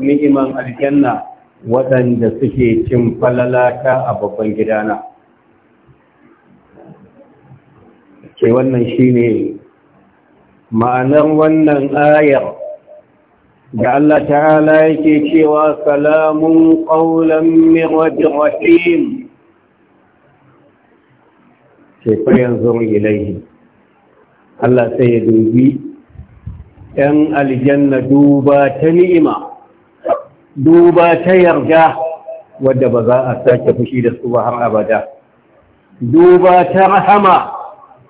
ni'iman aljanna waɗanda suke cin falalaka a babban gidana ke wannan shine ma'anar wannan ayar da Allah ta'ala yake cewa salamun qawlan min rahim ce fa yanzu ilaihi Allah sai ya dubi ‘yan aljanna duba ta ni'ima duba ta yarda wadda ba za a sake fushi da su ba har abada duba ta rahama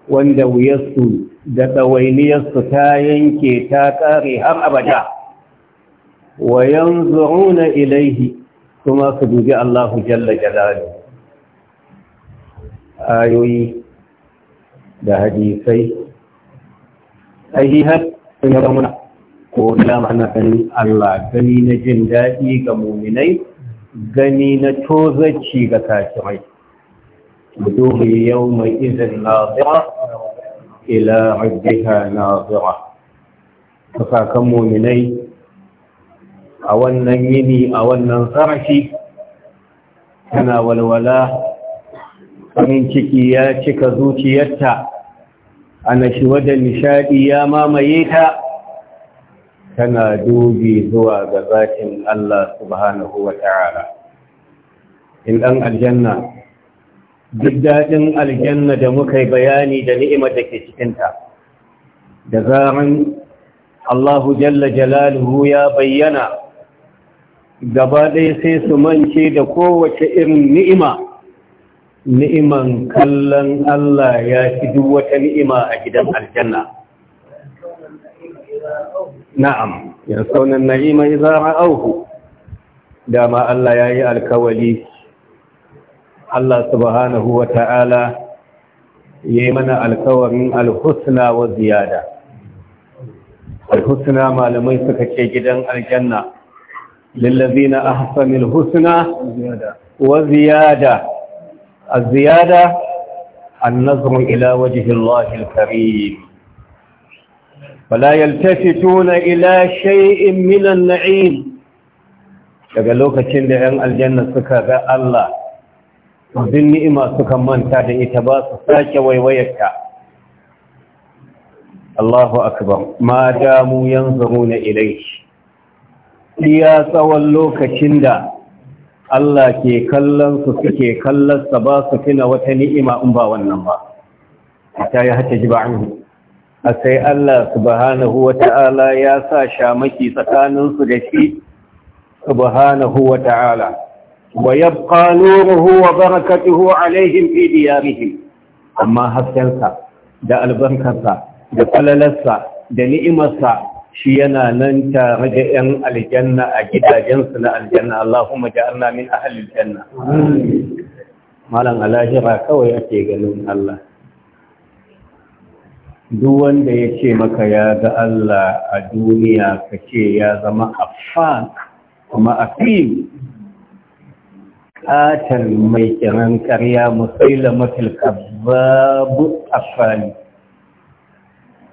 wanda wuyarsu da ɗawainiyarsu ta yanke ta ƙare har abada wa yanzuruna ilaihi kuma su dubi Allahu jalla jalalu ayoyi da hadisai har sun yi ko dama na ganin Allah gani na jin daɗi ga muminai gani na tozarci ga kafirai yau mai izin nazira ila rabbiha nazira kafakan muminai a wannan yini a wannan sarashi tana walwala farin ciki ya cika zuciyarta a nashi wadda nishaɗi ya mamaye ta tana dubi zuwa ga zatin Allah subhanahu wa ta'ala in ɗan aljanna duk daɗin aljanna da muka yi bayani da ni'imar da ke cikinta da zaran Allahu jalla jalaluhu ya bayyana gaba ɗaya sai su mance da kowace irin ni'ima ni'iman kallon Allah ya fi duk wata ni'ima a gidan aljanna na'am yansaunan na'ima zara auhu. dama Allah yayi alkawali Allah subhanahu wa ta'ala yayi mana alkawarin alhusna wa ziyada alhusna malamai suka ce gidan aljanna lillazina ahsanul husna wa ziyada az-ziyada an-nazru ila wajhi Allahil karim fala yaltafituna ila shay'in min an-na'im daga lokacin da 'yan aljanna suka ga Allah bin ni'ima suka manta da ita ba su sake waiwayarta Allahu akbar ma damu yanzuruna ilayhi iya tsawon lokacin da Allah ke kallon su suke kallon sa ba su tuna wata ni'ima in ba wannan ba ta yi hata ji ba anhu a sai Allah subhanahu ta'Ala) ya sa shamaki tsakaninsu da shi subhanahu ta'Ala) wa yabqa nuruhu wa barakatuhu alaihim fi diyarihim amma haskensa da albarkarsa da falalarsa da ni'imarsa shi yana nan tare da 'yan aljanna a gidajensu na aljanna Allahumma ja'alna min ahlil janna malam alahira kawai ake ganin Allah duk wanda ya ce maka ya ga Allah a duniya ka ce ya zama afan kuma afim katar mai kiran karya musaila matil kababu afani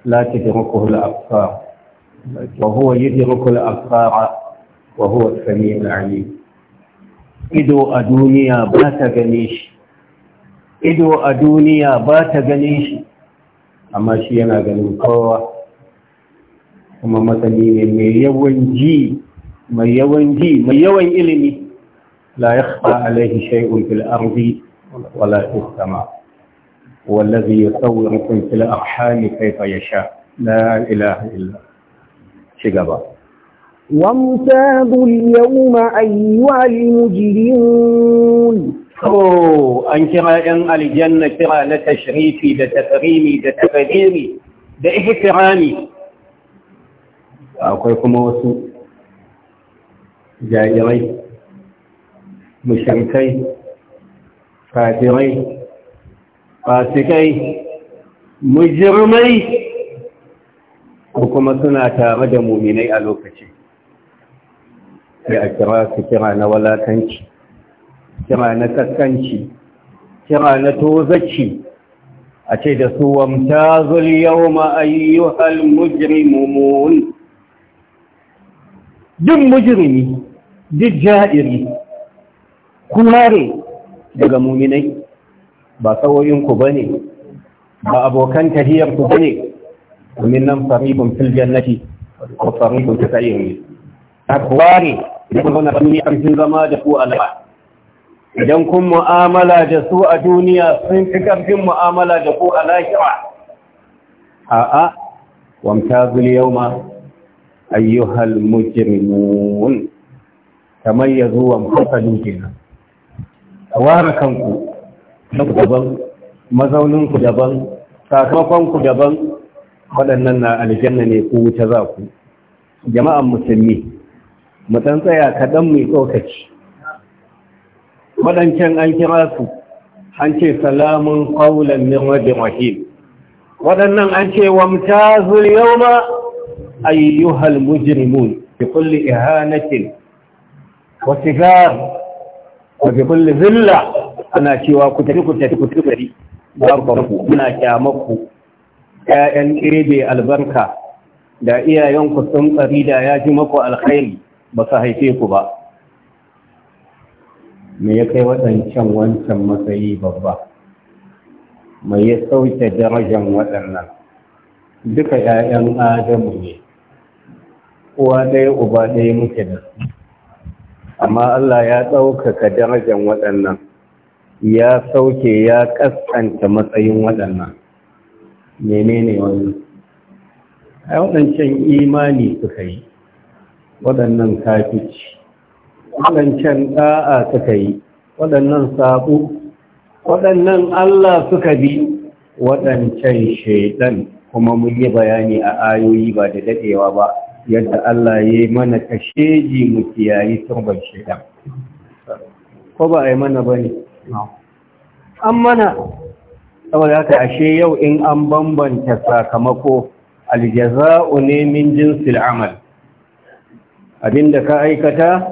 la tudrikuhu al-absar wa huwa yi al-absara wa huwa as-sami'u al-alim ido a duniya ba ta gane shi ido a duniya ba ta gane shi amma shi yana ganin kowa kuma masani ne mai yawan ji mai yawan ji mai yawan ilimi la yakhfa alaihi shay'un fil ardi wala fis sama wallazi yusawwirukum fil arham kayfa yasha la ilaha illa shi gaba وامتازوا اليوم أيها المجرمون an kira ‘yan aljanna kira na tashrifi da takarimi da takadiri da ihtirami akwai kuma wasu jajirai mushrikai kafirai fasikai mujirmai ko kuma suna tare da muminai a lokaci Ya a kira su kira na walakanci kira na kaskanci kira na tozaci a ce da su wamta zuliyau ma'ayyuhal mujrimumun duk mujrimi duk ja'iri kumare daga muminai ba tsawoyinku ba ne ba abokan tahiyarku ba ne domin nan faribin fil jannati ko faribin ta tsayin ne ta kuware da kuma na ƙarfin zama da ku alaba idan kun mu'amala da su a duniya sun fi karfin mu'amala da ku a lahira a'a wamtazul yawma ayyuhal mujrimun tamayyazu wa mutasalu kenan ware kanku daban mazaunin ku daban sakamakon ku daban waɗannan na aljanna ne ku wuce za ku jama'an musulmi mu tsaya kaɗan mai tsokaci waɗancan an kira su an ce salamun ƙaunar min wajen rahim waɗannan an ce wa mutazul yau ma ayyuhal mujrimun bi kulli ihanakin, wa sigar wa bi kulli zilla ana cewa ku tafi ku tafi ku tafi ba ku muna kyamaku ƴaƴan ɗebe albarka da iyayenku sun tsari da ya ji maku alkhairi ba su haife ku ba me ya kai waɗancan wancan matsayi babba mai ya sauke darajar waɗannan duka 'ya'yan adamu ne uwa ɗaya uba ɗaya muke da su amma Allah ya ɗaukaka darajar waɗannan ya sauke ya ƙasƙanta matsayin waɗannan menene wani a waɗancan imani suka yi waɗannan kafici waɗancan ɗa'a suka yi waɗannan saƙo. waɗannan Allah suka bi waɗancan shaidan kuma mun yi bayani a ayoyi ba da daɗewa ba yadda Allah ya yi mana kasheji mu kiyayi turban shaidan ko ba a yi mana ba ne an mana saboda haka ashe yau in an bambanta sakamako aljaza'u ne min jinsil amal abinda ka aikata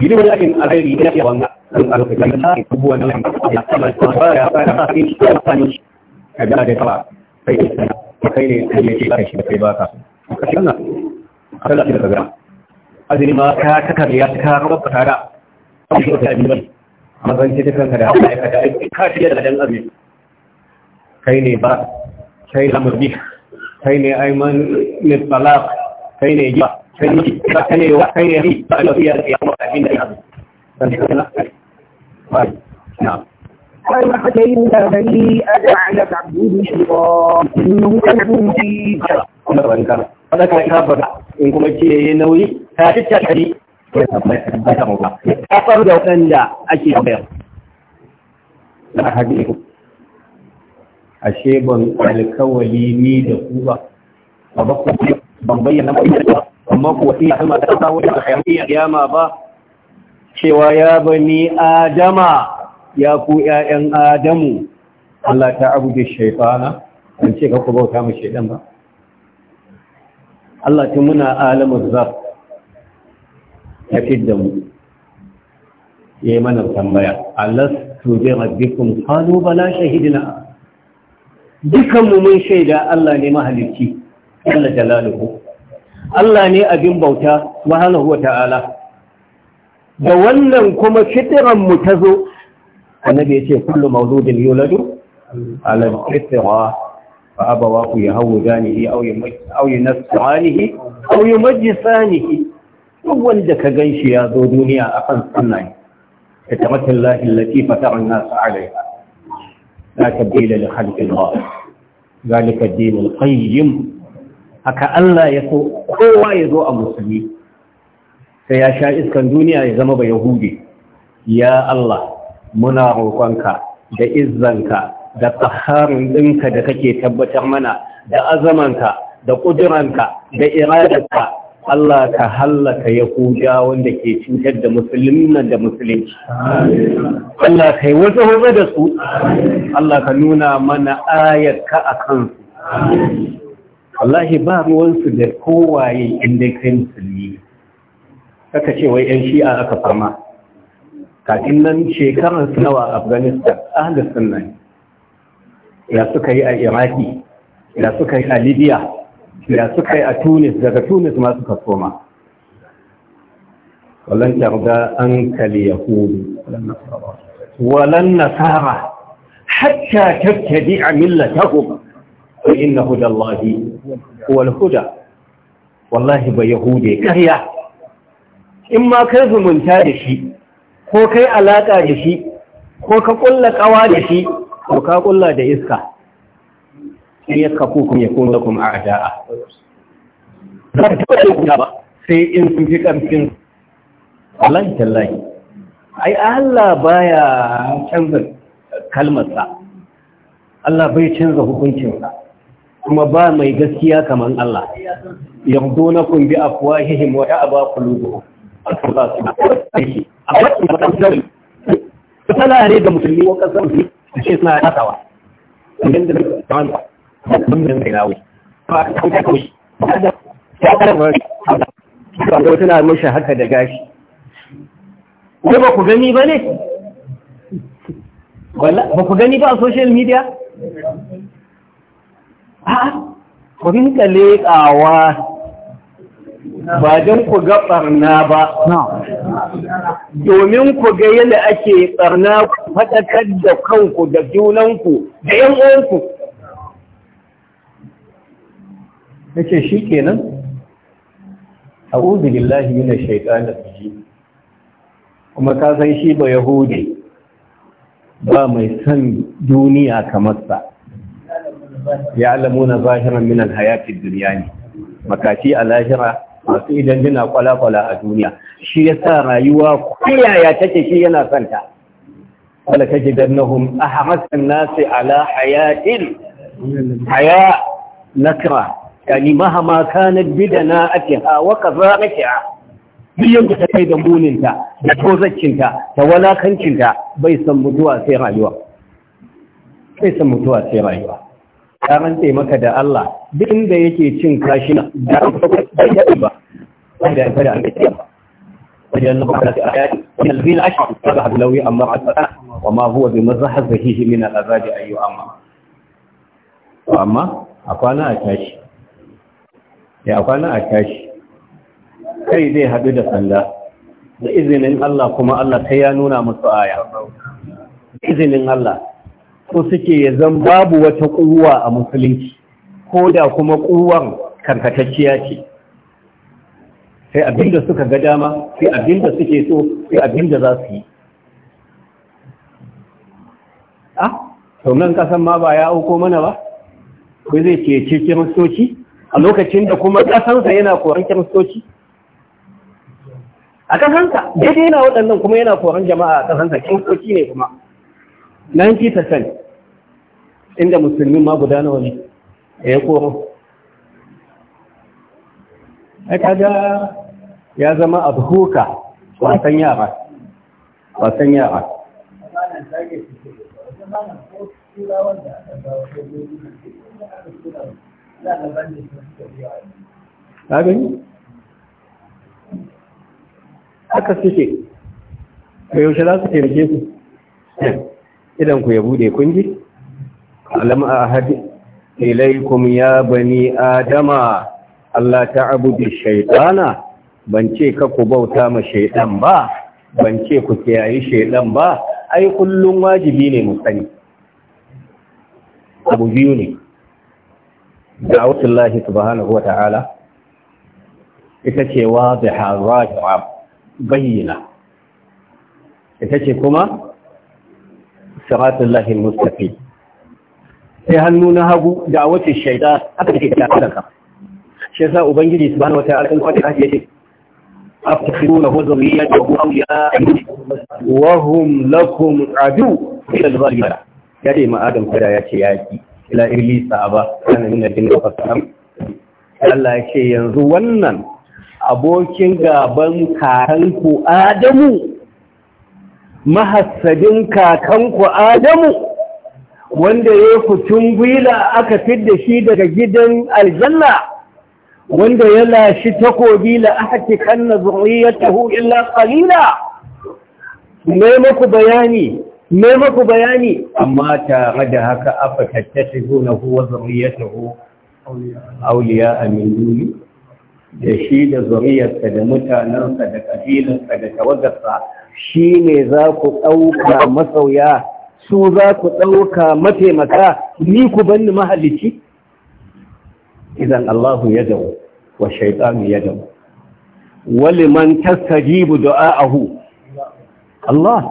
gidi wani ake alheri ina iya wanga don a da ta ke kubuwa na lamar ya sama ba ya fara ma ake ya sani ka gana da tawa kai ne kai ne kai ne kai shi da kai ba ka shi wannan a kan lafiya kaga azumi ma ka ka kariya ka rabar ka da shi ka ji ban amma ban ce kanka da haka ka da ka shi da dan azumi kai ne ba kai lamar kai ne aiman ne talaq kai ne ba kariri ba kare wa kariri ba a lafiya da yawon abin da yawon ban ta na kari na Kwaiwa ke yi da gani a da ala ta buru shi ba nun kwaibu ji ba. Kuma ban ka ba da kai ka in kuma ce ya nauyi ta ci ta kari. Ka faru da waɗanda ake bayar. Na haɗe ku. Ashe ban alkawali ni da ku ba. Ba ba ku ban bayyana ba. amma ku iya sama ta sa wata hayaniya kiyama ba cewa ya bani adama ya ku ƴaƴan adamu Allah ta abu da shaytana an ce ka ku bauta mu shaydan ba Allah tun muna alamu zar ya fidda mu yi mana tambaya alastu bi rabbikum qalu bala shahidna dukan mu mun shaida Allah ne mahalicci Allah jalaluhu Allah ne abin bauta subhanahu wa ta'ala da wannan kuma fitiran mu ta zo annabi ya ce kullu mawludin yuladu ala fitra fa abawahu yahawdanihi aw aw yunasanihi aw yumajjisanihi duk wanda ka ganshi ya zo duniya akan sunna ne ta tabatallahi allati fata'an nas alaiha la tabdila li khalqi Allah ذلك الدين القيم haka Allah ya so kowa ya zo a musulmi sai ya sha iskan duniya ya zama ba yahudi ya Allah muna roƙonka da izzanka da tsaharin ɗinka da kake tabbatar mana da azamanka da ƙuduranka da iradarka Allah ka hallaka Yahuda wanda ke cutar da nan da musulunci. Allah ka yi wata hulɗa da su, Allah ka nuna mana ayarka a kansu. wallahi ba ruwansu da kowaye inda kai musulmi kaka ce wai 'yan shi'a aka fama kafin nan shekarar nawa afghanistan ahalar sunna ya suka yi a iraki ya suka yi a libya ya suka yi a tunis daga tunis ma suka soma walan tarda an kali yahudu walan nasara hatta tattabi a millatahum fa inna hudallahi walhuda wallahi ba yahude ƙarya in ma kai zumunta da shi ko kai alaƙa da shi ko ka ƙulla ƙawa da shi ko ka ƙulla da iska in ya kafu ya kuma kuma a za ka taɓa yin ba sai in sun fi ƙarfin wallahi tallahi ai Allah baya canza kalmarsa Allah bai canza hukuncinsa kuma ba mai gaskiya kamar Allah yanzu na kun bi afwahihim wa ya'ba qulubuhum ne da musulmi kasar su ce suna tasawa da da ba ta ba ta tana haka da gashi ko ba ku gani ba ne wala ba ku gani ba a social media ku rinka leƙawa ba don ku ga ɓarna ba domin ku ga yadda ake ɓarna ku faɗakar da kanku da junanku da ‘yan uwanku ya ce shi kenan أعوذ بالله na الشيطان biji kuma ka san shi ba yahudi ba mai san duniya kamar sa ya'lamuna zahiran minan al-hayati ad-dunya makaci a lahira masu idan dina kwala-kwala a duniya shi yasa rayuwa kuyaya take shi yana santa wala tajidannahum ahmasan nasi ala hayatin haya nakra yani mahama kanat bidana atiha wa kazaqatiha biyan da ta kai da muninta da tozaccinta ta walakancinta bai san mutuwa sai rayuwa bai san mutuwa sai rayuwa ya rantse maka da Allah duk inda yake cin kashi na da ya ba da ya fara amince ba wajen Allah da ayati min al-bil ashar sabah lawi amma asata wa ma huwa bi mazhahihi min al-azadi ayu amma amma a kwana a tashi ya a kwana a tashi kai zai hadu da sanda da izinin Allah kuma Allah sai ya nuna musu aya izinin Allah ko suke ya zan babu wata ƙuwa a musulunci ko da kuma ƙuwan karkatacciya ce sai abinda suka ga dama sai abinda suke so sai abinda za su yi ah to nan kasan ma ba ya auko mana ba ko zai cikin kiristoci a lokacin da kuma kasansa yana koran kiristoci a kasansa daidai yana waɗannan kuma yana koran jama'a a kasansa kiristoci ne kuma 90% inda musulmin ma guda nawa ne ya koro ai kaga ya zama abhuka wasan yara wasan yara Sabin? Haka suke, yaushe za su rike su, idan ku ya bude kunji? alam ahad ilaikum ya bani adama Allah ta'budu shaytana ban ce ka ku bauta ma shaytan ba ban ce ku kiyayi shaytan ba ai kullun wajibi ne mu sani abu biyu ne da'awatullahi subhanahu wa ta'ala ita ce wadiha zahi'a bayyana ita ce kuma siratullahi mustaqim sai hannu na hagu da wace shaida aka take da kanka shi yasa ubangiji subhanahu wataala kan kwata kashi yake أفتحون وذريتهم أولياء وهم لكم عدو إلى الظالمين ya ce ma'adam kada ya ce yaƙi ila irlisa ba ana nuna jin da fasaram Allah ya ce yanzu wannan abokin gaban kakanku Adamu mahassadin kakanku Adamu wanda ya kutun gwila aka da shi daga gidan aljanna wanda yana shi takobi la ahati kanna zuriyatahu illa qalila mai maku bayani mai maku bayani amma tare da haka afa tattashirunahu wa zuriyatahu awliya min duni da shi da zuriyarsa da mutanansa da kabilarsa da tawagarsa shi ne za ku ɗauka masauya su za ku ɗauka mataimaka ni ku banni mahallici idan Allahu ya dawo wa shaitanu ya dawo wali man tastajibu du'a'ahu Allah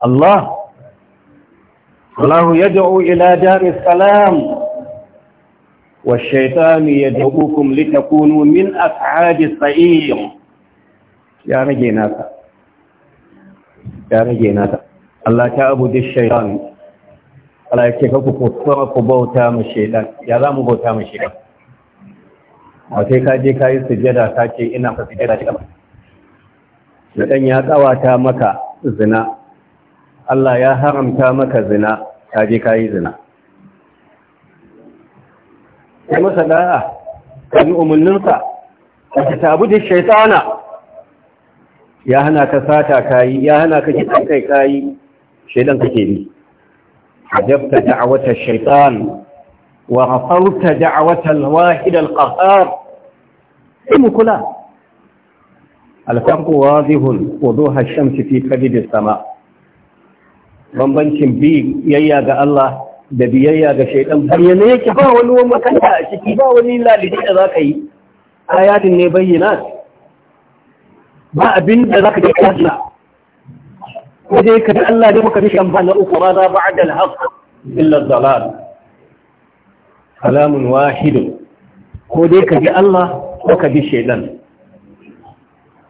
Allah Allah ya dawo ila daris salam wa shaitanu ya da'ukum litakunu min ashabi sa'ir ya rage naka ya Allah ta abu da shaitan Allah ya ce ka ku ku bauta ma shaitan ya za mu bauta ma shaitan a sai ka je ka yi sujada ka ce ina ka sujada ta gaba dan ya tsawata maka zina Allah ya haramta maka zina ka je ka yi zina Ya masa da'a ka yi umarninsa ka tabu da shaitana ya hana ka sata kayi ya hana ka kitan kai kayi shaidan kake bi ajabta da'awata shaitan wa ghafarta da'awata al-wahid al-qahhar in kula al-farqu wadihun wuduha ash-shamsi fi qabid as-sama bambancin bi yayya ga Allah da biyayya ga shaidan bayyana yake ba wani wani makanta a ciki ba wani lalibi da zaka yi ayatin ne bayyana ba abin da zaka ji kansa ko dai ka Allah ne muka rishi amfani uku ma za ba'da da haq illa dalal alamun wahidu. ko dai ka ji Allah ko ka bi shaidan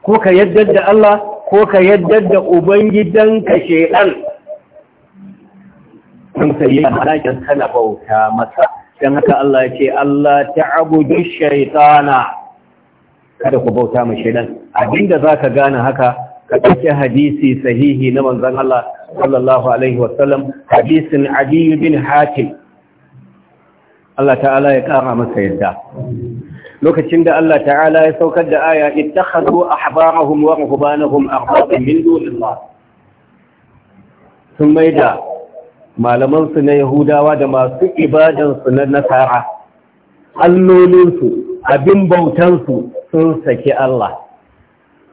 ko ka yadda da Allah ko ka yadda da ubangidanka shaidan kun sai ya halakin kana bauta masa dan haka Allah ya ce Allah ta'budu shaytana kada ku bauta ma shaidan abinda zaka gane haka ka ɗauki hadisi sahihi na manzan Allah sallallahu Alaihi wasallam hadisin adiyu bin Hakim. Allah ta'ala ya ƙara masa yadda lokacin da Allah ta'ala ya saukar da aya ittakhadhu ahbarahum wa ruhbanahum arbaban min dunillah sun maida malaman su na yahudawa da masu ibadansu na nasara allolinsu, abin bautansu, sun saki Allah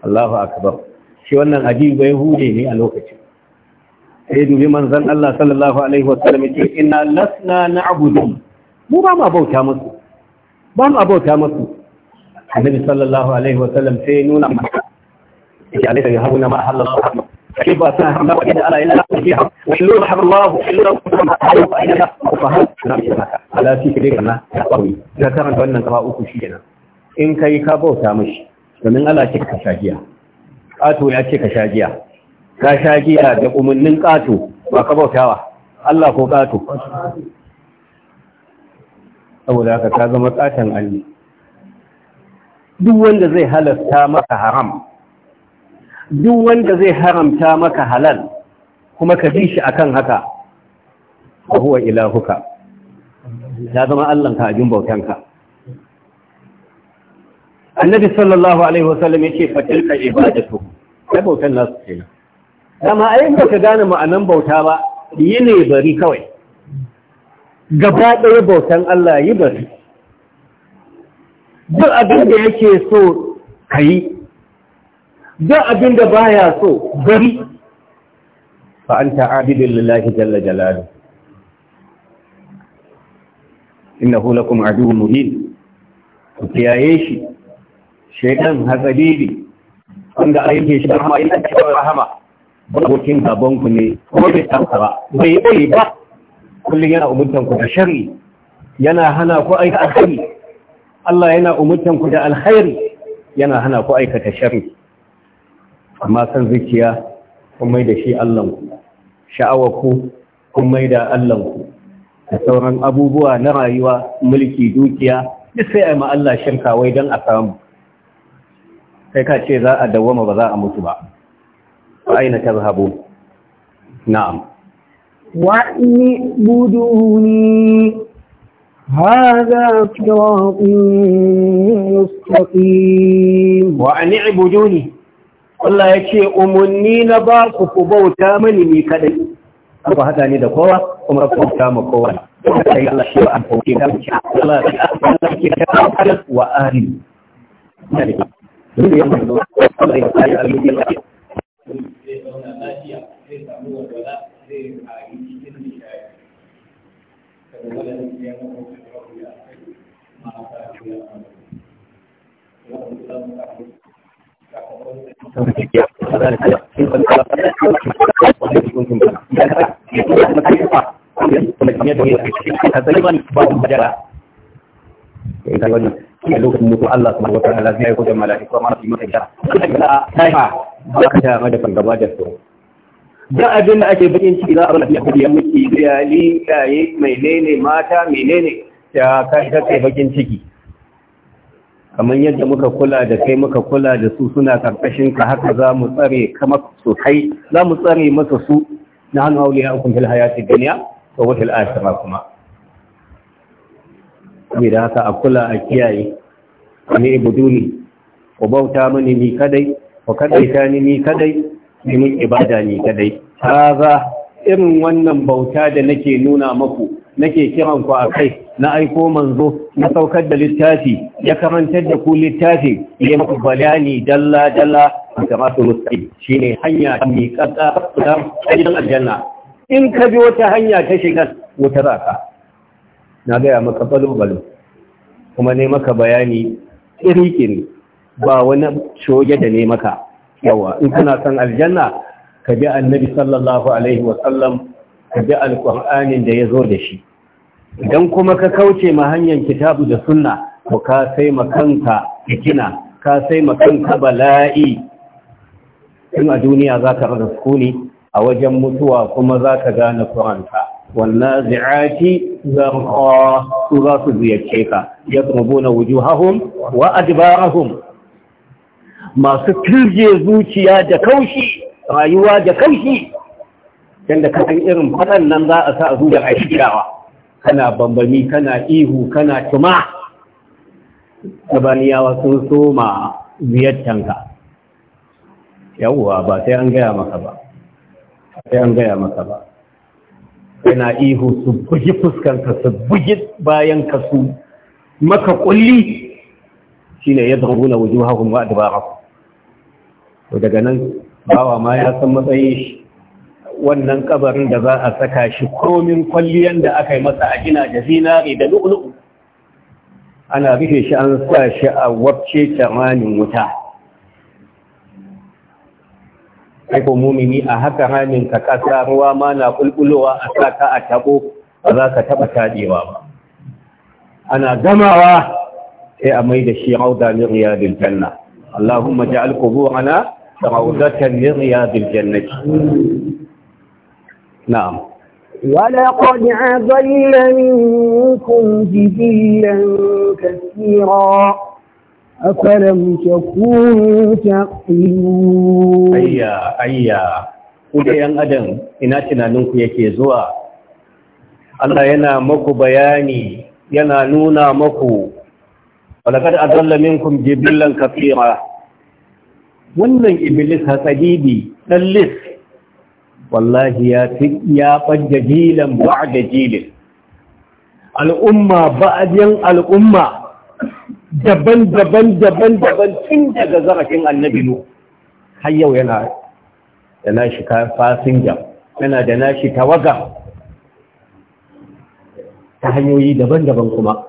Allahu akbar shi wannan ajiyu bai hude ne a lokacin sai dubi manzan Allah sallallahu alaihi wasallam ce inna lasna na'budu mu ba mu bauta musu ba mu bauta musu annabi sallallahu alaihi wasallam sai nuna maka ya alaihi ya hauna ma Allah كيف أساهم الله إذا ألا إلا فيها وإلا رحم الله وإلا رحم الله وإلا رحم الله على في كريم الله يقوي ذكرت أن ترى أكو شيئا إن كي كابوتا مش فمن ألا شك شاجيها ƙato ya ce ka sha giya ka sha giya da umarnin ƙato ba ka bautawa Allah ko ƙato saboda haka ka zama ƙaton alli duk wanda zai halasta maka haram duk wanda zai haramta maka halal kuma ka bi shi akan haka huwa ilahuka ya zama Allahnka abin bautanka annabi sallallahu alaihi wasallam yace fatilka ibadatu sai bautan nasu kenan dama ai ba ka gane ma'anan bauta ba yi ne bari kawai gaba ɗaya bautan Allah yi bari duk abin da yake so ka yi duk abin da baya so bari fa anta abidin lillahi jalla jalalu innahu lakum aduwwun mubin ku kiyaye shi shaidan hatsari wanda a yake shi rahama yana cikin rahama abokin gabanku ne ko bai tsamsa ba bai bai ba kullum yana umurtan ku da shari yana hana ku aika shari. Allah yana umurtan ku da alkhairi yana hana ku aikata shari amma san zuciya kun mai da shi Allah ku sha'awar ku kun mai da Allahn ku da sauran abubuwa na rayuwa mulki dukiya duk sai a ma Allah shirka wai don a samu kai ka ce za a dawwama ba za a mutu ba fa aina tazhabu na'am wa inni buduni hadha haza mustaqim wa ani ibuduni Allah ya ce Umarni na ba ku ku bauta mani ni kadai ku haɗa ni da kowa kuma ku bauta ma kowa sai Allah shi an bauta Allah ya wa ari domin ya mutu da Allah ya tsaya a cikin zai zauna lafiya zai samu zai cikin nishaya kada wala ne ya ya ma ta ya a lokacin mutu Allah subhanahu wataala zai kujan malafi kuma amma su masa shara ta yi ba ka ta mada fargaba da su da abin da ake bakin ciki za a bala fiye kuɗi muke iyali mai menene mata mai menene ya kai kai bakin ciki kamar yadda muka kula da kai muka kula da su suna karkashin ka haka za mu tsare kama su kai za mu tsare masa su na hannu auliya ukun fil hayati dunya wa wata al'ashara kuma saboda haka a kula a kiyaye Ne buduni ku bauta mini ni kadai ku ta ni ni kadai ni mun ibada ni kadai haza irin wannan bauta da nake nuna maku nake kiran ku a kai na aiko manzo na saukar da littafi ya karantar da ku littafi ya muku bayani dalla dalla kamar su mustaqim shine hanya mi kasa da gidan aljanna in ka bi wata hanya ta shiga wata aka na gaya maka balo balo kuma ne maka bayani kirikin ba wani shoge da ne maka yawa in kana son aljanna ka bi annabi sallallahu alaihi wa sallam ka bi alqur'anin da yazo da shi idan kuma ka kauce ma hanyar kitabu da sunna to ka sai makanka ikina ka sai makanka bala'i in a duniya zaka rasa sukuni a wajen mutuwa kuma zaka gane Qur'anka wanna zi'ati zarqa sura su ziyarce ka yatrubu na wujuhahum wa adbarahum masu turje zuciya da kaushi rayuwa da kaushi yanda ka irin faɗan nan za a sa a zuwa a shirawa kana bambami kana ihu kana tuma baniyawa sun soma ziyartan ka yawwa ba sai an gaya maka ba sai an gaya maka ba yana ihu su bugi fuskanka su bugi bayan ka su maka kulli shine ya zama na wujuwa hakun wa adabara to daga nan bawa ma ya san matsayin wannan kabarin da za a saka shi komin kwalliyan da aka yi masa a gina da zinari da lu'lu'u ana rufe shi an sa shi a wabce tamanin wuta Aiko ko mumini a haka ramin ka kasa ruwa ma na kulkulowa a sa a tabo ba za ka taba tadewa ba ana gamawa sai a mai da shi rauda min riyadil janna Allahumma ja'al quburana raudatan min riyadil jannati na'am ولقد أضل منكم جبلا كثيرا أفلم تكونوا تعقلون أيا أيا kuda yan adam ina tunaninku yake zuwa Allah yana maku bayani yana nuna maku walakad adalla minkum jibillan kafira wannan iblis hasadibi dan lis wallahi ya fi ya fadda jilan ba'da jilin al'umma ba'dan al'umma daban-daban daban-daban tun daga zarafin annabi nu har yau yana da nashi fasinja yana da nashi tawaga ta hanyoyi daban-daban kuma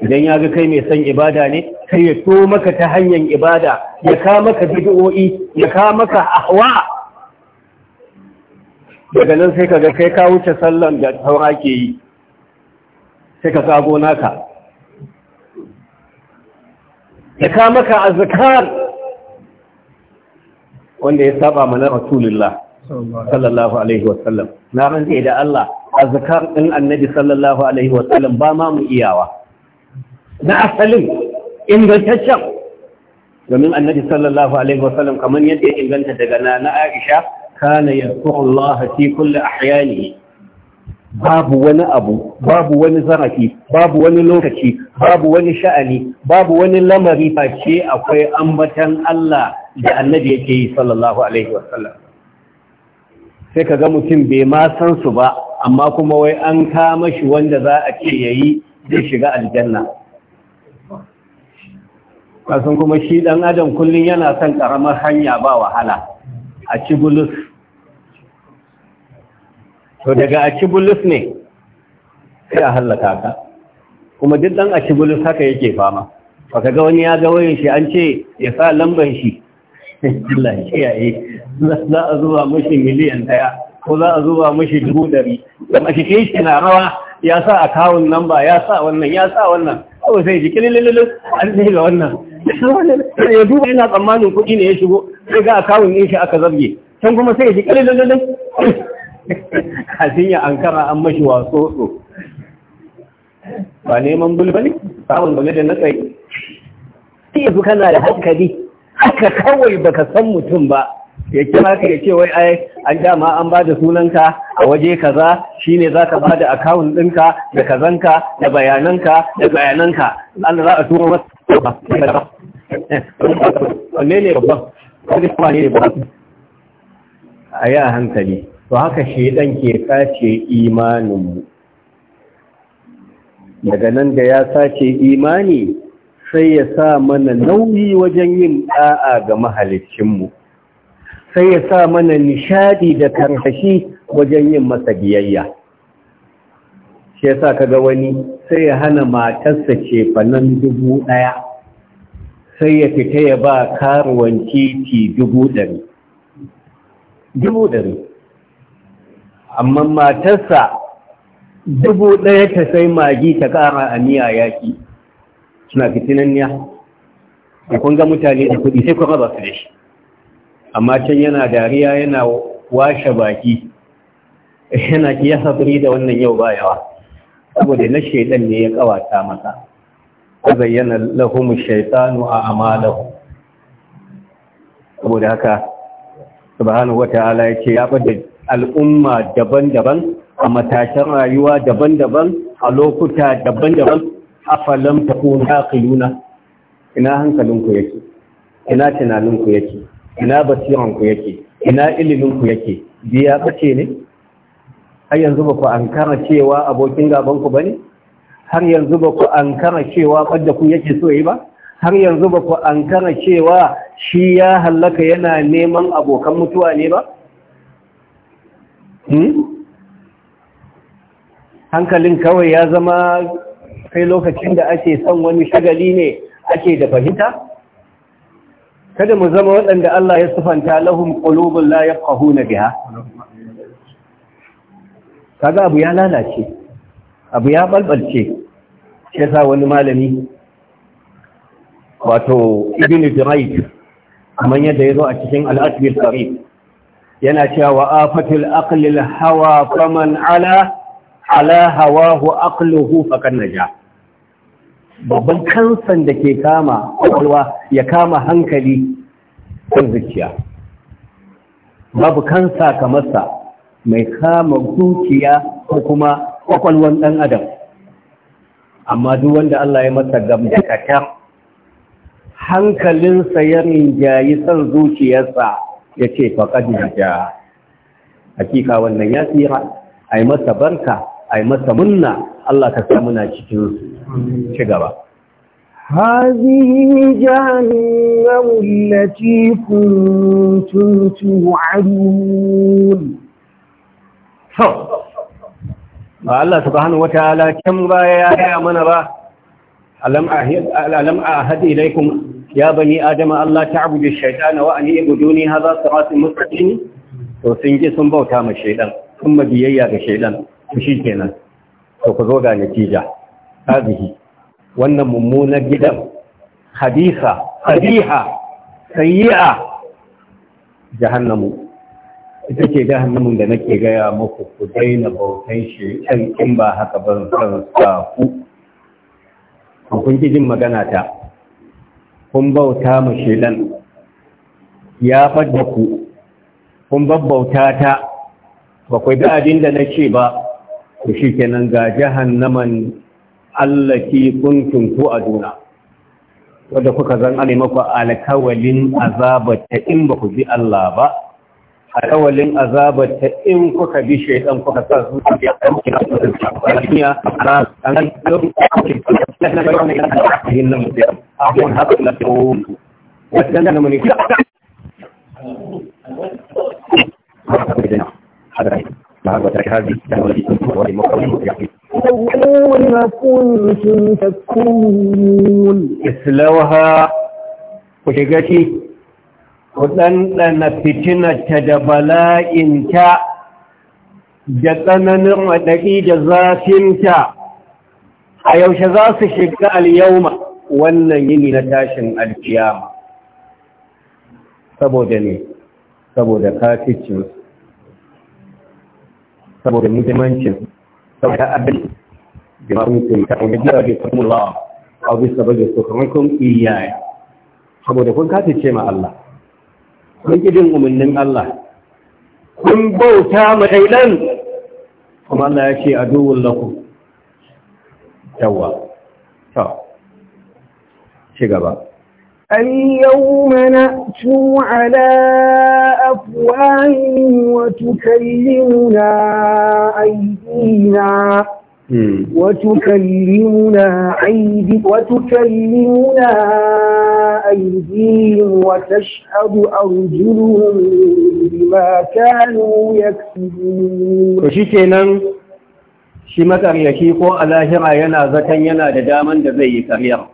idan ya ga kai mai son ibada ne kai ya so maka ta hanyar ibada ya ka maka bid'o'i ya ka maka ahwa daga nan sai ka ga kai ka wuce sallan da taura ke yi sai ka kago naka ya ka maka azkar wanda ya saba mana rasulullah sallallahu alaihi wasallam na rantsa da Allah azkar din annabi sallallahu alaihi wasallam ba ma mu iyawa na asalin ingantaccen domin annabi sallallahu alaihi wasallam kamar yadda ya inganta daga na na Aisha kana yadhkuru Allah fi kulli ahyanihi babu wani abu babu wani zarafi babu wani lokaci babu wani sha'ani babu wani lamari face akwai ambatan Allah da annabi yake yi sallallahu alaihi wasallam sai ka ga mutum bai ma san su ba amma kuma wai an kama shi wanda za a ce yayi zai shiga aljanna kasan kuma shi dan adam kullun yana son karamar hanya ba wahala a cibulus. to daga cibulus ne sai a hallaka ka kuma duk dan cibulus haka yake fama baka ga wani ya ga wayan shi an ce ya sa lamban shi Allah ya yi za a zuba mashi miliyan daya ko za a zuba mashi dubu dari da mashi shi na rawa ya sa akawun namba ya sa wannan ya sa wannan kawai sai ji kililililu an sai ga wannan ya duba yana tsammanin kuɗi ne ya shigo sai ga akawun ɗin shi aka zabge can kuma sai ji kililililu hasinya ya ankara an mashi waso ba neman bulbali samun bane da natsari sai yanzu kana da hankali haka kawai baka san mutum ba ya kira ka ya ce wai ai an dama an ba da sunanka a waje kaza shine za ka ba da akawun ɗinka da kazanka da bayananka da bayananka an za a turo masu ne babban wani ne babban a yi a hankali to haka shi shedan ke sace imaninmu daga nan da ya sace imani sai ya sa mana nauyi wajen yin da'a ga mahalicinmu sai ya sa mana nishadi da karkashi wajen yin masa biyayya shi yasa kaga wani sai ya hana matarsa ce fanan dubu ɗaya sai ya fita ya ba karuwan titi dubu dari dubu ɗari amma matarsa dubu ɗaya ta sai magi ta ƙara a miya yaƙi suna fitinan ya kun ga mutane da kuɗi sai kun raba su da shi amma can yana dariya yana washe baki yana ki ya da wannan yau ba yawa saboda na shaidan ne ya ƙawata masa ta bayyana lahumu shaitanu a amalahu saboda haka subhanahu wata'ala ya ce ya bada al'umma daban-daban a matashin rayuwa daban-daban a lokuta daban-daban A afalam takun taqiluna ina hankalinku yake ina tunaninku yake ina basiranku yake ina iliminku yake biya ɓace ne har yanzu ba ku ankara cewa abokin gabanku ba ne? har yanzu ba ku ankara cewa wadda ku yake so yi ba har yanzu ba ku ankara cewa shi ya hallaka yana neman abokan mutuwa ne ba Hmm? hankalin kawai ya zama kai lokacin da ake son wani shagali ne ake da fahimta kada mu zama waɗanda Allah ya sufanta lahum qulubun la yafqahuna biha kaga abu ya lalace abu ya balbalce shi sa wani malami wato ibn Durayd kamar yadda ya zo a cikin al-Asbir Sarif yana cewa wa afatul aqlil hawa faman ala ala hawahu aqluhu fakan naja babban kansan da ke kama kwakwalwa ya kama hankali kan zuciya babu kansa kamar mai kama zuciya ko kuma kwakwalwan dan adam amma duk wanda Allah ya masa gamdakatar hankalinsa ya rinjayi san zuciyarsa ya ce faƙaɗi da hakika wannan ya tsira a yi masa barka a yi masa munna Allah ka sami na cikin ci gaba هذه جهنم kuntun كنتم Ba Allah su hannu wata kan baya ya yi mana ba alam haɗe laikun ya bani adama Allah ta'budu ash-shaytana wa an ya'buduni hadha siratun mustaqim to sun ji sun bauta ma shaidan? sun biyayya ga shaydan to kenan? to ku zo ga natija hazihi wannan mummunan gidan hadisa hadiha sayyi'a jahannamu ita ce jahannamun da nake gaya muku ku daina bautan shi in ba haka zan sa ku kun ki jin magana ta kun bauta mu shedan ya fadda ku kun babbauta ta ba ku bi abin da nace ba ku shikenan ga jahannaman allati kuntum ku aduna wanda kuka zan alimaku alkawalin ta in ba ku bi Allah ba alawalin azabar ta in kuka bi shaytan kuka sa su a كنتم تكون اصلوها وشجتي ku ɗanɗana fitinarta da bala'inta da tsananin waɗaƙi da zafinta a yaushe za su shiga alyauma wannan yini na tashin alkiyama saboda ne saboda kaficin saboda muhimmancin saboda abin da mamutum ta wani jira da kuma la'a a bisa bajin su kamar kun iyaye saboda kun kafice ma Allah kun ƙidin umarnin Allah kun bauta mai ɗaiɗan kuma Allah ya ce a duwun laku yawa ta ci gaba اليوم نأتو على na وتكلمنا أيدينا Hmm. وتكلمنا أيدي وتكلمنا أيديهم وتشهد أرجلهم بما كانوا يكسبون وشيكينا shi makaryaci ko a lahira yana zaton yana da daman da zai yi karyar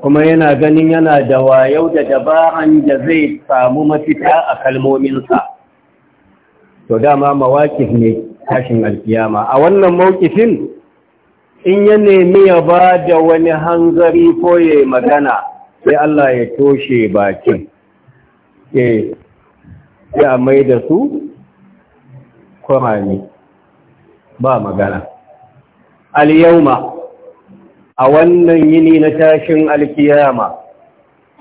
kuma yana ganin yana da wayau da dabaran da zai samu mafita a kalmominsa to dama mawaƙi ne tashin alkiyama a wannan maukifin in ya nemi ya ba da wani hanzari ko ya magana sai Allah ya toshe bakin ya mai da su kurani ba magana al a wannan yini na tashin alkiyama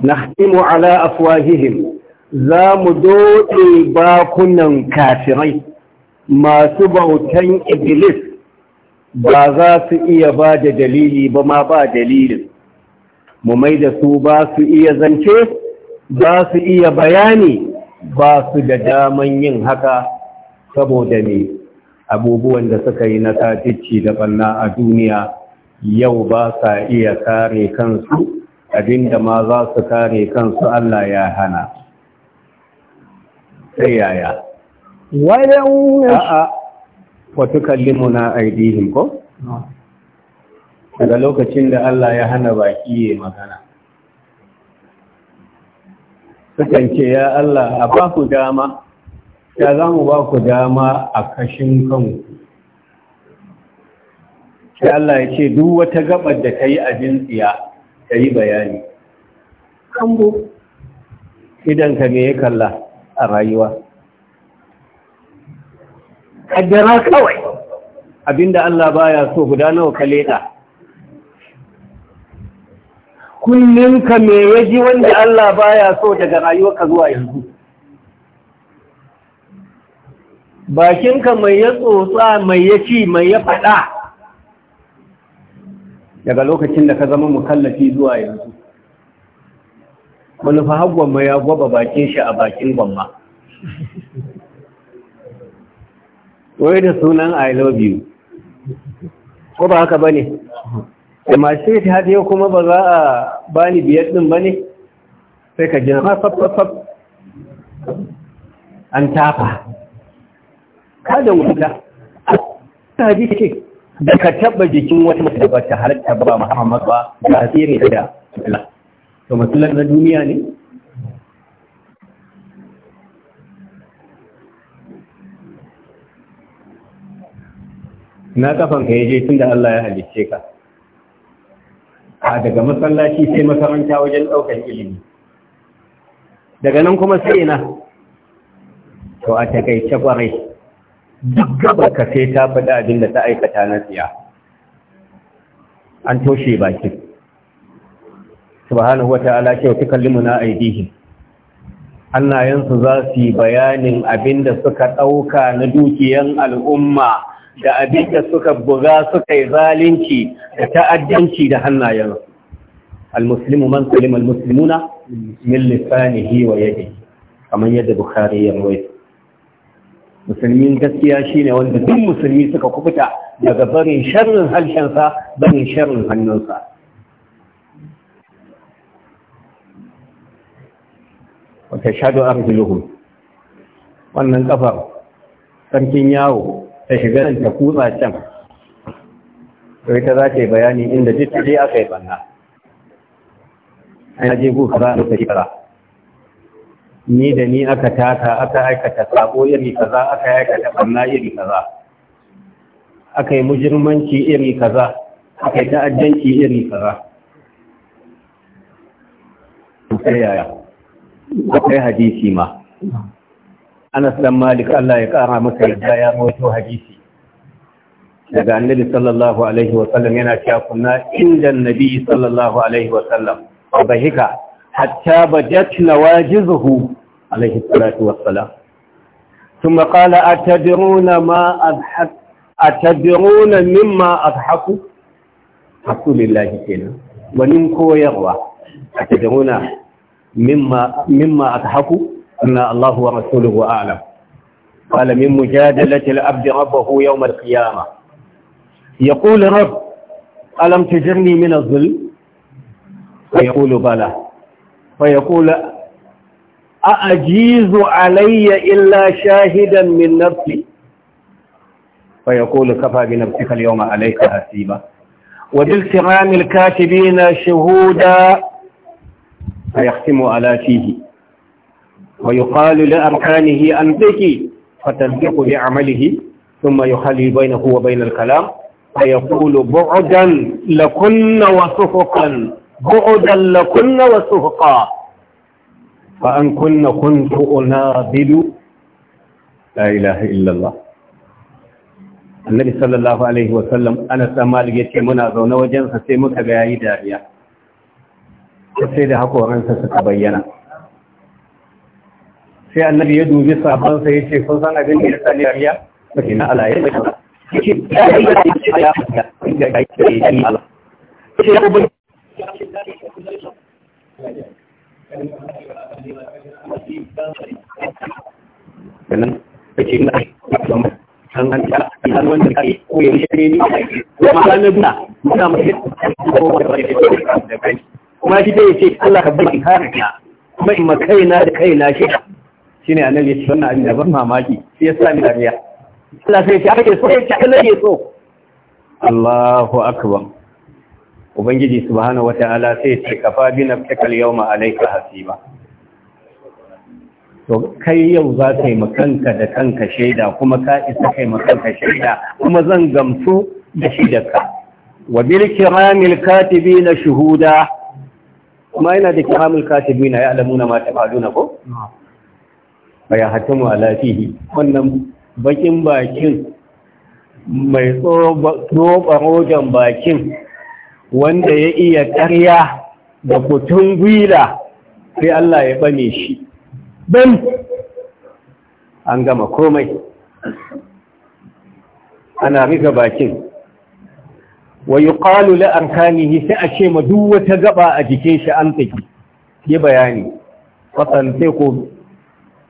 nahtimu ala afwahihim za mu doɗe bakunan kafirai masu bautan iblis ba za su iya ba da dalili ba ma ba dalilin mu mai da su ba su iya zance ba su iya bayani ba su da daman yin haka saboda ne abubuwan da suka yi na tatici da banna a duniya yau ba sa iya kare kansu abinda ma za su kare kansu Allah ya hana sai yaya a'a wa tukallimuna aydihim ko daga lokacin da Allah ya hana baki ya magana sukan ce ya Allah a ba ku dama ya za mu ba ku dama a kashin kanku sai Allah ya ce duk wata gabar da ta yi abin tsiya ta yi bayani kambo idanka me ya kalla a rayuwa kaddara kawai abinda Allah baya so guda nawa ka leda kunninka me yaji wanda Allah baya so daga rayuwarka zuwa yanzu bakinka mai ya tsotsa mai ya ci mai ya faɗa daga lokacin da ka zama mukallafi zuwa yanzu manufa mai ya gwaba bakin shi a bakin gwamma wai da sunan I love you ko ba haka bane da masu shi hadiyo kuma ba za a bani biyar din bane sai ka jina fafafaf an tafa Ka da wuta ta ji ce da ka taba jikin wata mutu da ba ta halatta ba Muhammad ba ga tsere da Allah to matsalar na duniya ne na kafanka ya je tun da Allah ya halicce ka a daga masallaci sai makaranta wajen ɗaukar ilimi daga nan kuma sai na to a takaice kwarai duk gaba ka sai ta faɗa abin da ta aikata na tsiya an toshe baki subhanahu ta'ala ce wa tukallimuna aidihim Annayensu za su yi bayanin abin da suka ɗauka na dukiyan al'umma da abin da suka buga suka yi zalunci da ta'addanci da hannayensu al-muslimu man salima al-muslimuna min lisanihi wa yadihi kamar yadda bukhari ya rawaito musulmin gaskiya shine wanda duk musulmi suka kubuta daga barin sharrin harshensa barin sharrin hannunsa wata shaɗu arziluhun wannan kafar, sarkin yawo ta shiga nan ta kutsa can to ita za ta yi bayani inda duk ta je aka yi banna an je ku kaza lokaci kaza ni da ni aka taka aka aikata sabo iri kaza aka aikata banna iri kaza aka yi mujirmanci iri kaza aka yi ta'addanci iri kaza sai yaya akwai hadisi ma anas dan malik Allah ya kara masa yadda ya rawaito hadisi daga annabi sallallahu alaihi wa sallam yana cewa kunna inda annabi sallallahu alaihi wa sallam bahika hatta bajat nawajizuhu alaihi salatu wassalam ثم قال أتدرون ما أضحك أتدرون مما أضحك رسول الله كنا وننكو يروى أتدرون مما مما أضحك أن الله ورسوله أعلم قال من مجادلة العبد ربه يوم القيامة يقول رب ألم تجرني من الظل فيقول بلى فيقول أأجيز علي إلا شاهدا من نفسي فيقول كفى بنفسك اليوم عليك حسيبا وبالكرام الكاتبين شهودا فيختم على فيه ويقال لأركانه أنتكي فتنطق بعمله ثم يخلي بينه وبين الكلام فيقول بعدا لكن وسفقا بعدا لكن وسفقا فأن كن كنت أنابل لا إله إلا الله annabi sallallahu alaihi wasallam ana tsammali ya ce muna zaune wajensa sai muka ga yayi dariya sai da hakoransa suka bayyana sai annabi ya dubi sabon sai yace kun san abin da ya sani riya bakin Allah ya baka ya yi da ya da yi Allah ya kuma san ta san wanda kai ko ya yi ne kuma na duna mai ko da kai kuma shi dai yace Allah ka baki har ka kuma in makaina da kaina shi shine annabi ya ce wannan abin da ban mamaki sai ya sa ni dariya Allah sai ya ake so ya ce nake so Allahu akbar ubangiji subhanahu wataala sai ya ce kafa bi nafsika al-yawma alayka hasiba to kai yau za ka yi makanka da kanka shaida kuma ka isa kai makanka shaida kuma zan gamsu da shaidarka wa bil kiramil katibina shuhuda kuma yana da kiramil katibina ya alamuna ma tafaduna ko fa ya hatamu ala fihi wannan bakin bakin mai tsoba rojan bakin wanda ya iya ƙarya da kutun gwila sai Allah ya bane shi ban an gama komai ana rufe bakin wa ƙalu la ankanihi sai a ce ma duk wata gaba a jikin shi an tsaki yi bayani wasan sai ko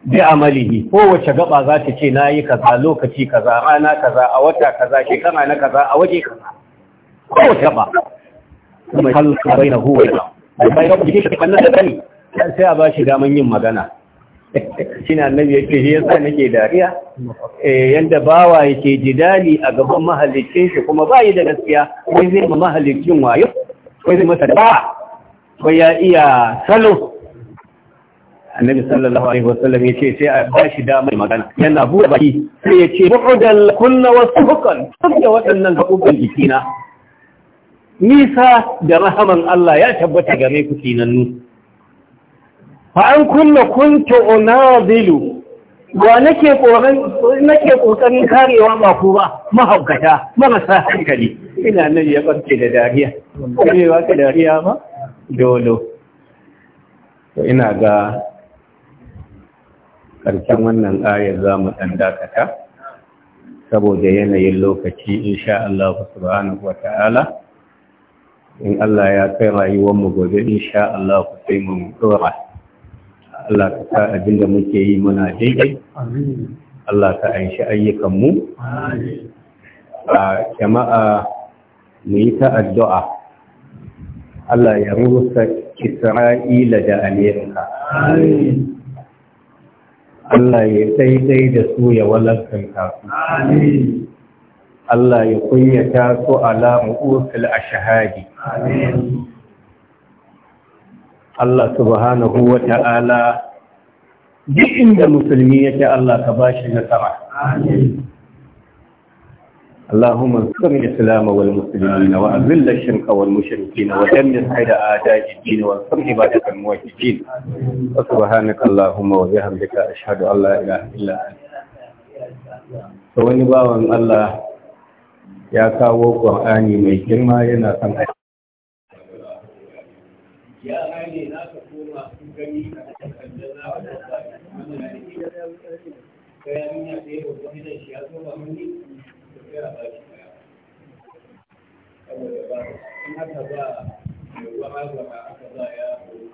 bi amalihi kowace gaba za ta ce na yi kaza lokaci kaza rana kaza a wata kaza shekara na kaza a waje kaza wace gaba kuma halka bai na huwa da bai rabu jikin shekaru na sani sai a ba shi daman yin magana shi na annabi ya shi yasa nake dariya eh, yanda bawa yake jidali a gaban mahalicin shi kuma bai da gaskiya wai zai ma mahalicin wayo wai zai masa da ba wai ya iya salo annabi sallallahu alaihi wasallam yace sai a ba shi mai magana yana buɗe baki sai yace bu'dal kunna wasuqan da waɗannan gaɓuɓɓen jikina nisa da rahaman Allah ya tabbata game ku kinannu fa an kunna kuntu unadilu wa nake koran nake kokarin karewa ba ku ba mahaukata marasa hankali ina nan ya barke da dariya ne ba ka dariya ba dolo ina ga karshen wannan ayar za mu ɗan dakata saboda yanayin lokaci insha Allah subhanahu wa ta'ala in Allah ya kai rayuwar mu gobe insha Allah ku sai mu dora Allah ka sa abin muke yi muna daidai Allah ka aishi ayyukanmu a jama'a mu yi ta addu'a Allah ya rusa Isra'ila da Amin. Allah ya daidai da su ya walakanta su Allah ya kunyata su ala mu'usul a amin Allah subhanahu wa ta'ala duk inda musulmi yake Allah ka bashi nasara amin اللهم انصر الاسلام والمسلمين واذل الشرك والمشركين ودمر حيد أعداء الدين وانصر عبادك الموحدين سبحانك اللهم وبحمدك اشهد ان لا اله الا انت فوني باوان الله يا كاو قران مي كلمة ينا سن يا عيني لا تكون كيامين يا سيد وجهنا الشياطين ومني yana baki daya saboda ba in haka za mai gwama gwama aka za